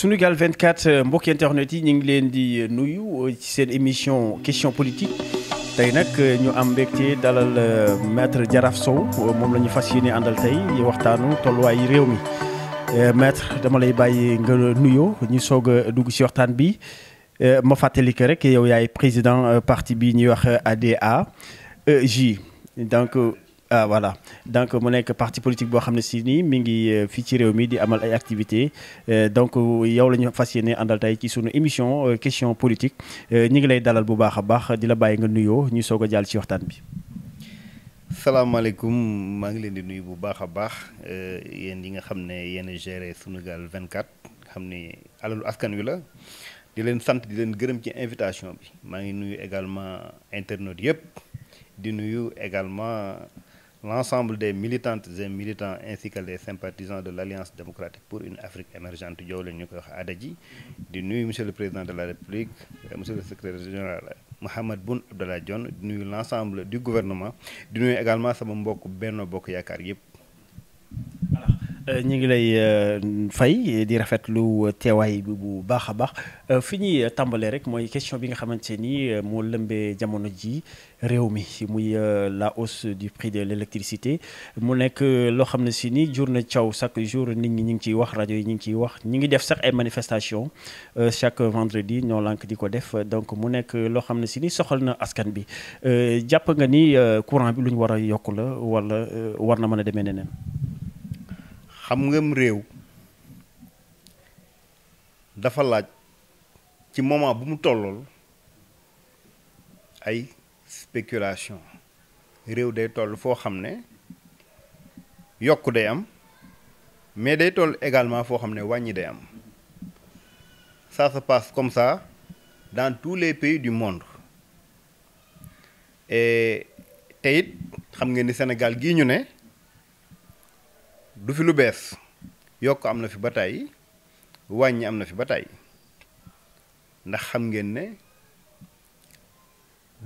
Sunugal 24 euh, mbokki internet yi ñu ngi leen di euh, nuyu euh, ci seen émission question politique tey nag ñu am mbégte dalal maître Jaraaf Sow moom la ñu fas yéene àndal tey waxtaanu tolluwaayu réew mi maître dama lay bàyyi nga nuyoo ñu soog a dugg ci waxtaan bi ma fàttali que rek yow yaay président parti bi ñuy wax ADA e J donc. ah voilà donc mu nekk parti politique boo xam ne si nii mi ngi euh, fii ci réew mi di amal ay activités euh, donc yow la ñu fas yéene àndal tey ci suñu émission question politique ñu ngi lay dalal bu baax a baax di la bàyyi nga nuyoo ñu soog a jàll ci waxtaan bi. salaamaaleykum maa ngi leen di nuyu bu baax a baax yéen yi nga xam ne yéen a géré Sunugal 24 xam ne alalu askan wi la di leen sant di leen gërëm ci invitation bi maa ngi nuyu également internautes yëpp di nuyu également. l'ensemble des militantes et militants ainsi que les sympathisants de l'Alliance démocratique pour une Afrique émergente yow la ñu koy wax ADADI di nuyu monsieur le président de la République euh, monsieur le secrétaire général Mahammed Boun Abdallah Dionne di nuyu l'ensemble du gouvernement di nuyu également sama mbokk Benno Bokk Yaakaar yëpp ñu ngi lay euh, fay di rafetlu teewaay bi bu baax a baax euh, fi ñuy tàmbalee rek mooy question bi nga xamante ni euh, moo lëmbee jamono ji réew mi muy la hausse du prix de l'électricité mu nekk loo xam ne si nii jur na caw chaque jour nit ñi ñu ngi ciy wax rajo yi ñu ngi ciy wax ñu ngi def sax ay manifestation chaque vendredi ñoo lànk di ko def donc mu nekk loo xam ne si ni soxal na askan bi jàpp nga ni courant bi lu ñu war a yokk la wala war na mën a demee neneen. xam ngam réew dafa laaj ci moment bu mu tollool ay spéculation réew day toll foo xam ne yokk day am mais day toll également foo xam ne wàññi day am ça se passe comme ça dans tous les pays du monde et xam ngeen ni Sénégal gii ñu ne du fi lu bees yokk am na fi ba tàyyi wàññi am na fi ba tàyyi ndax xam ngeen ne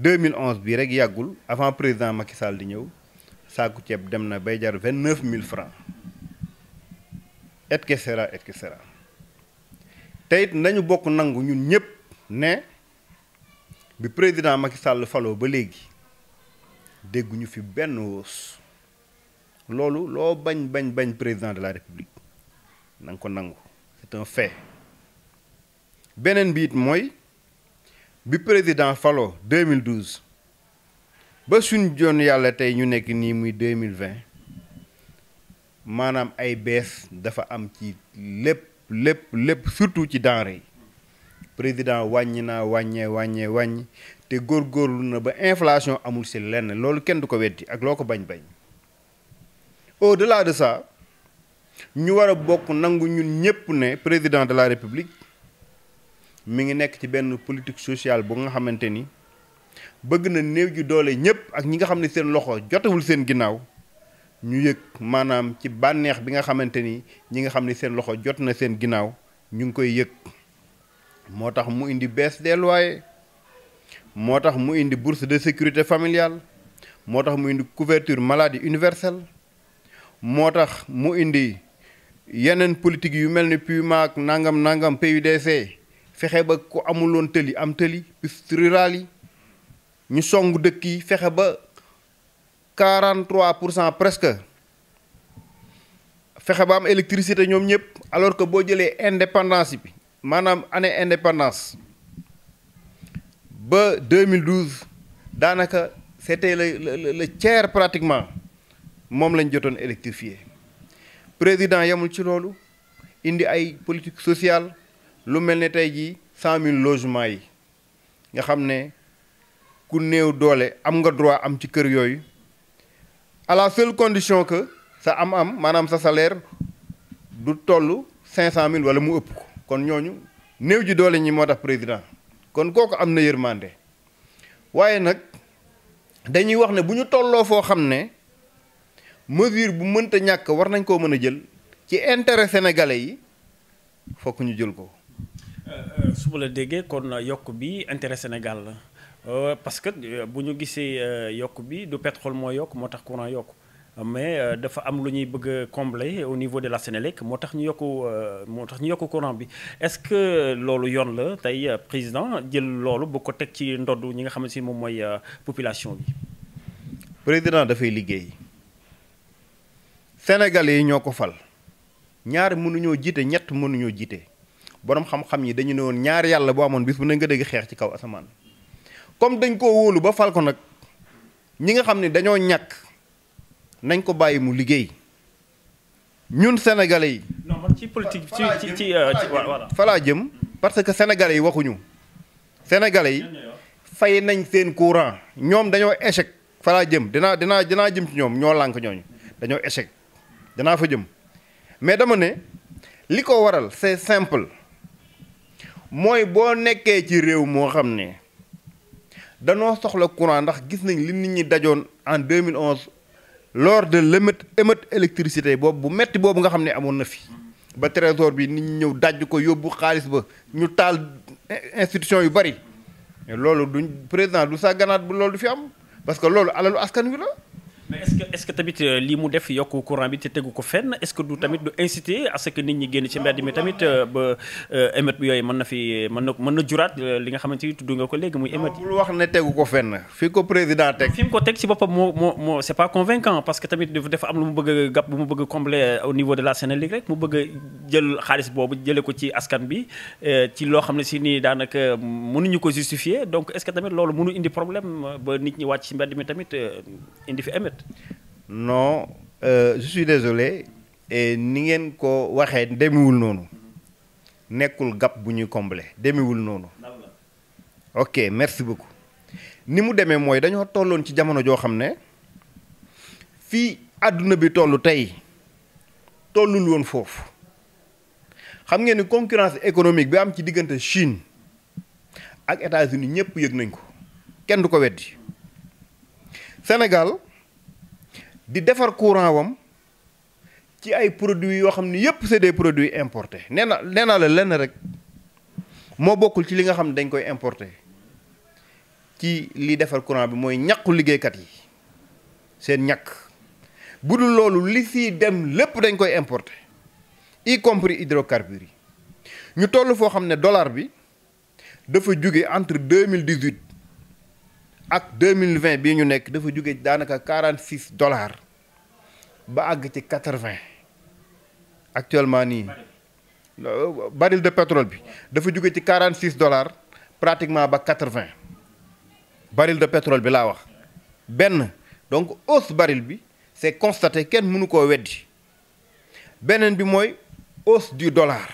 2011 bii rek yàggul avant président Macky Sall di ñëw saaku ceeb dem na bay jar vingt neuf mille francs et cetera et cetera te it nañu bokk nangu ñun ñëpp ne bi président Macky Sall faloo ba léegi dégguñu fi benn woos loolu loo bañ bañ bañ président de la république na nga ko nangu c'est un beneen bi it mooy bi président falo 2012 ba suñ joon yàlla tey ñu nekk nii muy 2020 maanaam ay bees dafa am ci lépp lépp lépp surtout ci denrée yi président wàññi naa wàññee wàññee wàññi te góor góorgóorlu na ba inflation amul si lenn loolu kenn du ko weddi ak loo ko bañ bañ de delà de ça ñu war a bokk nangu ñun ñëpp ne président de la république mu ngi nekk ci benn politique sociale bu nga xamante ni bëgg na néew ji doole ñëpp ak ñi nga xam ne seen loxo jotewul seen ginnaaw ñu yëg maanaam ci bànneex bi nga xamante ni ñi nga xam ne seen loxo jot na seen ginnaaw ñu ngi koy yëg moo tax mu indi baisse des loyers moo tax mu indi bourse de sécurité familiale moo tax mu indi couverture maladie universelle moo tax mu indi yeneen politique yu mel ni PUMA ak nangam nangam PUDC fexe ba ku amuloon tëli am tëli piste yi ñu song dëkk yi fexe ba 43 pour cent presque fexe ba am électricité ñoom ñëpp alors que boo jëlee indépendance bi maanaam année indépendance ba 2012 daanaka c'était le le le tiers pratiquement. moom lañ jotoon électrifié président yamul ci loolu indi ay politique sociale lu mel ni tey jii cent mille logements yi nga xam ne ku néew doole am nga droit am ci kër yooyu à la seule condition que sa am-am maanaam sa salaire du toll cinq cent mille wala mu ëpp ko kon ñooñu néew ji doole ñi moo tax président kon kooku am na yërmande waaye nag dañuy wax ne bu ñu tolloo foo xam ne mesure bu mënta ñàkk war nañ koo mën a jël ci intere sénégalais yi fokk ñu jël ko. Euh, su ma la déggee kon yokk bi intere Sénégal la euh, parce que euh, bu ñu gisee yokk bi du pétrole moo yokk moo tax courant yokk mais dafa am lu ñuy bëgg a combler au niveau de la Sénélec moo tax ñu yokku moo tax ñu yokku courant bi est-ce que loolu yoon la tey président jël loolu bu ko teg ci ndodd ñi nga xam ne si moom mooy population bi. président dafay liggéey. sénégalais yi ñoo ko fal ñaar mënuñoo jiite ñett mënuñoo jiite borom xam-xam yi dañu ne woon ñaar yàlla boo amoon bis bu ne nga dégg xeex ci kaw asamaan comme dañ koo wóolu ba fal ko nag ñi nga xam ne dañoo ñàkk nañ ko bàyyi mu liggéey ñun sénégalais yi. ci politique ci ci euh, falaa jëm parce que sénégalais yi waxuñu sénégalais yi fay nañ seen courant ñoom dañoo échec falaa jëm danaa dinaa dinaa jëm ci ñoom ñoo lànk ñooñu dañoo échec. danaa fa jëm mais dama ne li ko waral c'est simple mooy boo nekkee ci réew moo xam ne danoo soxla courant ndax gis nañ li nit ñi dajoon en 2011 lors de l'émeute émeute électricité boobu bu metti boobu nga xam ne amoon na fi ba trésor bi nit ñi ñëw daj ko yóbbu xaalis ba ñu taal institution yu bari loolu duñ président du sa ganaat bu loolu du fi am parce que loolu alalu askan wi la mais est que est-ce euh, lii mu def yokk courant bi te tegu ko fenn est-ce que du tamit du inciter à ce que nit ñi génn ci mbedd mi euh, euh, yooyu mën na fi mën na mën na juraat li nga xamante ni tudd nga ko léegi muy émeute yi. bul wax ne tegu ko fenn fi ko président teg. fi mu ko teg ci boppam moo moo moo c'est pas convaincant parce que tamit dafa am lu mu bëgg a gàpp bu mu bëgg a combler au niveau de la Sénélec rek mu bëgg jël xaalis boobu jëlee ko ci askan bi ci loo xam ne si nii daanaka mënuñu ko justifier donc est-ce que tamit loolu mënu indi problème ba nit ñi wàcc ci mbedd mi tamit indi fi émeute no non euh, je suis désolé ni ngeen ko waxee demewul noonu nekkul gàpp bu ñuy combler demewul noonu ok merci beaucoup ni mu demee mooy dañoo tolloon ci jamono joo xam ne fii àdduna bi toll tey tollul woon foofu xam ngeen ni concurrence économique bi am ci diggante Chine ak États-Unis ñëpp yëg nañ ko kenn du ko weddi Sénégal di defar courant wam ci ay produits yoo xam ne yëpp c'est des produits importés nee na nee naa la lenn rek moo bokkul ci li nga xam ne dañ koy importer ci li defar courant bi mooy ñàkku liggéeykat yi seen ñàkk bu dul loolu li fiy dem lépp dañ koy importer y compris hydrocarbures ñu toll foo xam ne dollar bi dafa jóge entre deux mille dix-huit ak mille vingt bii ñu nekk dafa jóge daanaka 46 dollars ba àgg ci quatre 80 actuellement nii baril de pétrole bi dafa jóge ci 46 dollars pratiquement ba quatre 80 baril de pétrole bi laa wax benn donc hausse baril bi c'est constaté kenn mënu koo weddi beneen bi mooy hausse du dollar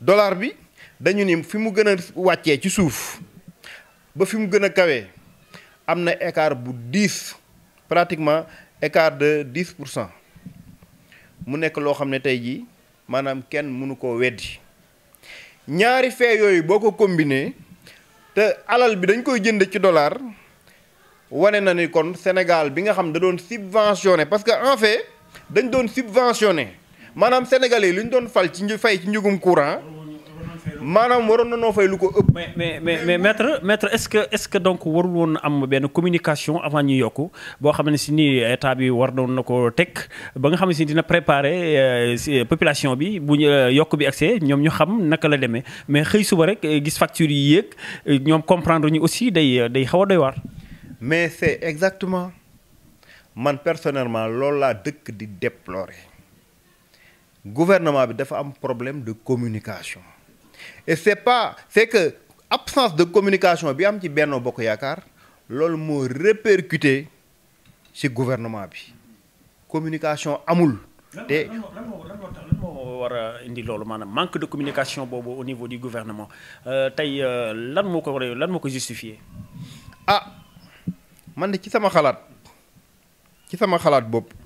dollar bi dañu ni fi mu gën a wàccee ci suuf ba fi mu gën a kawee am na écart bu dix pratiquement écart de dix pour cent mu nekk loo xam ne tey jii maanaam kenn mënu koo weddi ñaari fee yooyu boo ko combiné te alal bi dañ koy jënde ci dollar wane na ni kon Sénégal bi nga xam da doon subventionné parce que en fait dañ doon subventionné maanaam sénégalais lu ñu doon fal ci ñu fay ci njëgum courant. maanaam waroon na noo fay lu ko ëpp. mais mais mais maître maître est-ce que est-ce que donc warul woon am benn communication avant ñuy yokk boo xam ne si ni état bi war doon na ko teg ba nga xam ne si dina préparer euh, population bi bu euh, yokk bi accès ñoom ñu xam naka la demee mais xëy suba rek euh, gis facture yi yéeg ñoom comprendre ñu aussi day day xaw a doy waar. mais c'est exactement man personnellement loolu laa dëkk di déplorer gouvernement bi dafa am problème de communication. et c'est pas c'est que absence de communication bi am ci Benno Bokk Yaakaar loolu moo répercuté ci gouvernement bi communication amul. te lan war a indi loolu maanaam manque de communication boobu au niveau du gouvernement euh, tey euh, lan moo ko lan moo ko justifié. ah man de ci sama xalaat ci sama xalaat bopp.